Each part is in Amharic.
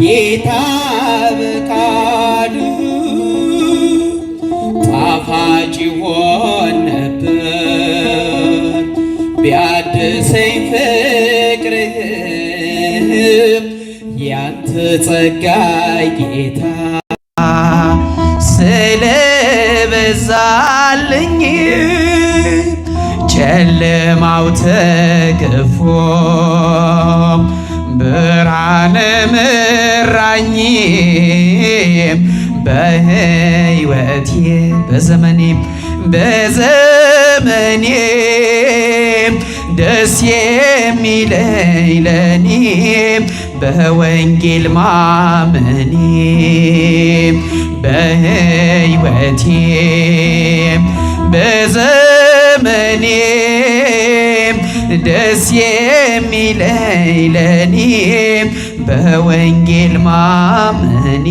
ጌታ በቃሉ ጣፋጭ ይሆን ነበር ቢያድሰኝ ፍቅርህም ያንተ ጸጋይ ጌታ ስለበዛልኝ ጨለማው ተገፎ ብርሃነ ምራኝ በሕይወቴ በዘመኔ በዘመኔ ደስ የሚለኝ ለኔ በወንጌል ማመኔ በሕይወቴ በዘመኔ ደስ የሚለኝ ለኔም በወንጌል ማመኔ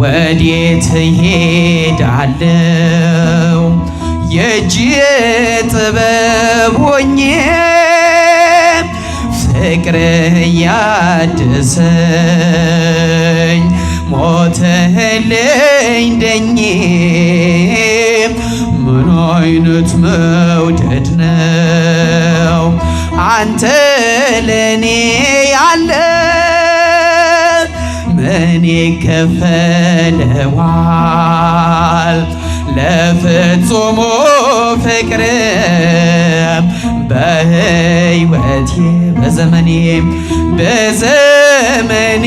ወዴት ሄዳለው የእጅ ጥበብ ሆኜ ፍቅር ያድሰኝ ሞተልኝ ደኝ ምን አይነት መውደድ ነው አንተ ለኔ ያለ ምን ይከፈለዋል ለፍጹሙ ፍቅር በህይወቴ በዘመኔ በዘመኔ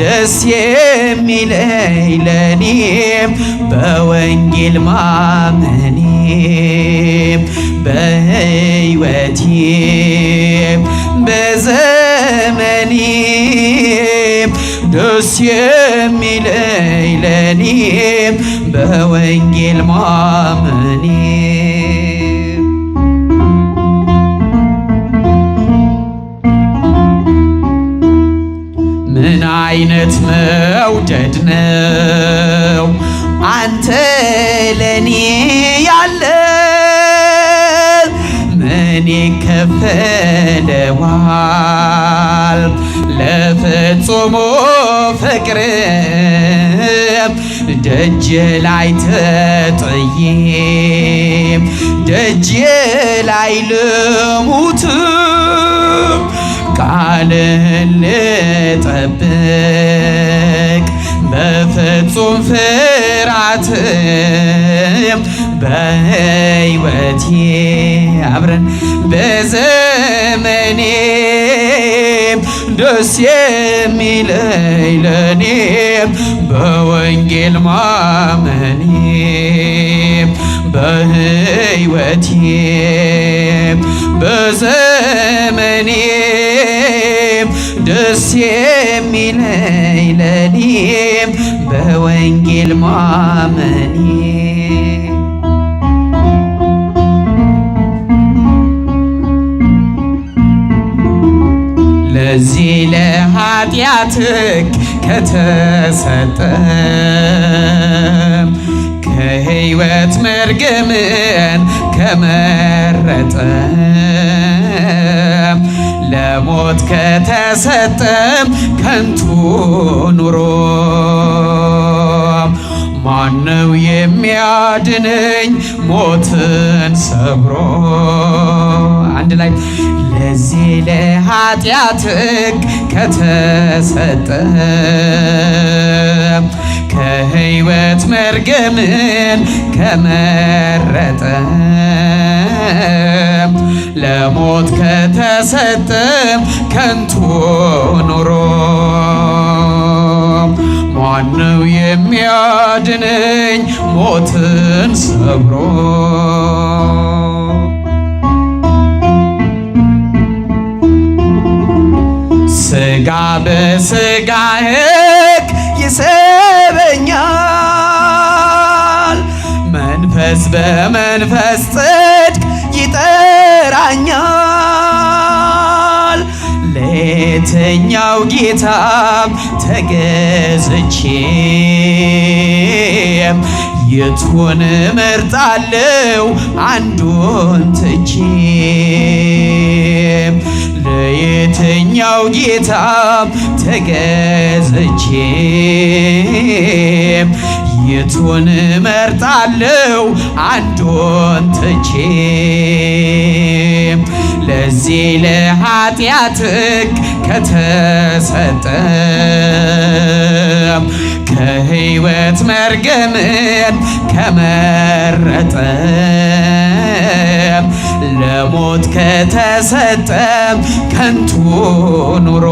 ደስ የሚለኝ ለኔም በወንጌል ማመኔም በሕይወቴም በዘመኔም ደስ የሚለኝ ለኔም በወንጌል ማመኔ አይነት መውደድ ነው አንተ ለኔ ያለ ምን ይከፈለዋል ለፍጹሙ ፍቅር ደጅ ላይ ተጥዬ ደጅ ላይ ልሙት ቃልን ልጠብቅ በፍጹም ፍራት በሕይወቴ አብረን በዘመኔም ደስ የሚለኝ ለኔም በወንጌል ማመኔም በሕይወቴም በዘመኔም ደስ የሚለኝ ለኔም በወንጌል ማመኔ ለዚህ ለኃጢአትክ ከተሰጠ ከህይወት መርገምን ከመረጠ ለሞት ከተሰጠም ከንቱ ኑሮ ማነው የሚያድነኝ ሞትን ሰብሮ አንድ ላይ ለዚህ ለኃጢአት ሕግ ከተሰጠ ከህይወት መርገምን ከመረጠ ለሞት ከተሰጠም ከንቱ ኑሮ ማነው የሚያድነኝ ሞትን ሰብሮ? ስጋ በስጋዬ በመንፈስ ጽድቅ ይጠራኛል። ለየትኛው ጌታም ተገዝቼም የቱን መርጣለው አንዱን ትቼም ለየትኛው ጌታም ተገዝቼም የቱን መርጣለው አንዱን ትቼ ለዚህ ለኃጢአትክ ከተሰጠ ከህይወት መርገምን ከመረጠ ለሞት ከተሰጠም ከንቱ ኑሮ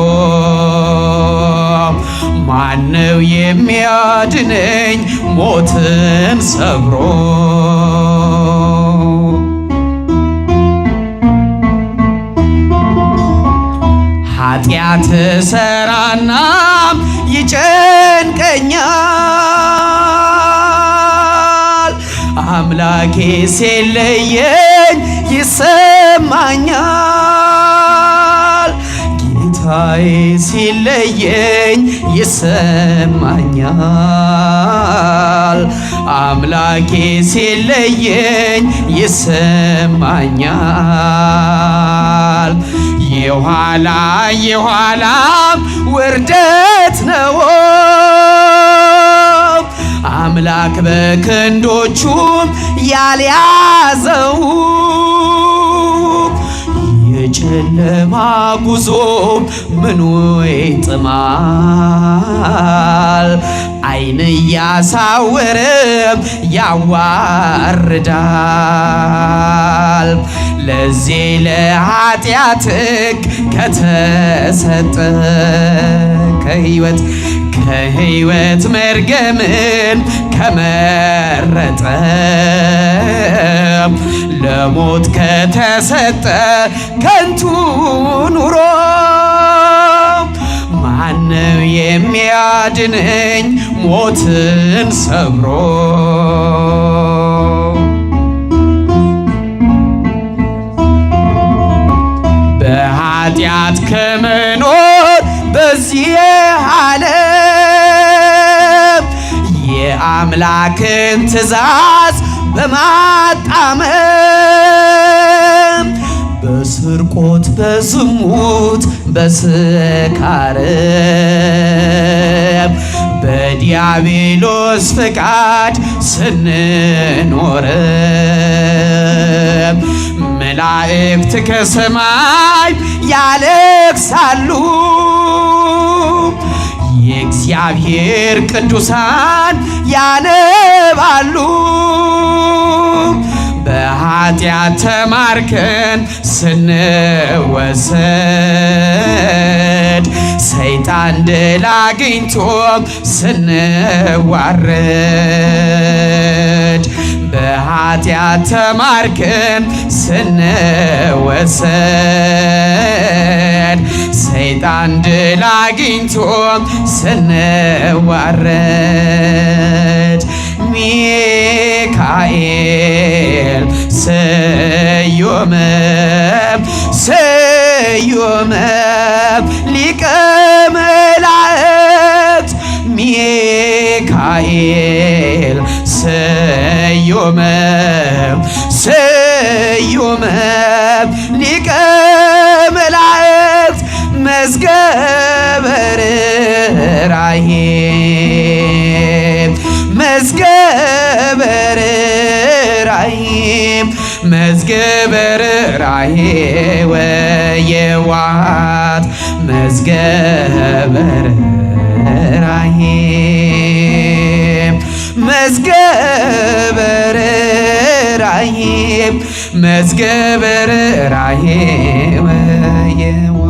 ማነው የሚያድነኝ ሞትን ሰብሮ? ኃጢአት ሰራና ይጨንቀኛል አምላኬ ሴለየ ሲለየኝ ይሰማኛል፣ አምላኬ ሲለየኝ ይሰማኛል። የኋላ የኋላም ውርደት ነው አምላክ በክንዶቹም ያልያዘው ጨለማ ጉዞ ምኑ ይጥማል? አይን እያሳወረ ያዋርዳል። ለዚህ ለኃጢአትክ ከተሰጠ ከህይወት ከህይወት መርገምን ከመረጠ ለሞት ከተሰጠ ከንቱ ኑሮ ማነው የሚያድነኝ ሞትን ሰብሮ? በኃጢአት ከመኖር በዚህ ዓለም የአምላክን ትእዛዝ በማጣመም በስርቆት በዝሙት በስካርም በዲያብሎስ ፍቃድ ስንኖርም መላእክት ከሰማይ ያለቅሳሉ እግዚአብሔር ቅዱሳን ያነባሉ በኃጢአት ተማርከን ስንወሰድ ሰይጣን ድል አግኝቶ ስንዋረድ በኃጢአት ተማርከን ስንወሰድ ሰይጣን ድል አግኝቶ ስንዋረድ ሚካኤል ስዩም ስዩም ሊቀ መላእክት ሚካኤል ስዩም ስዩም ሊቀ ርኅራኄ መዝገበ ርኅራኄ መዝገበ ርኅራኄ ወየዋሃት መዝገበ ርኅራኄ መዝገበ ርኅራኄ መዝገበ ርኅራኄ ወየዋ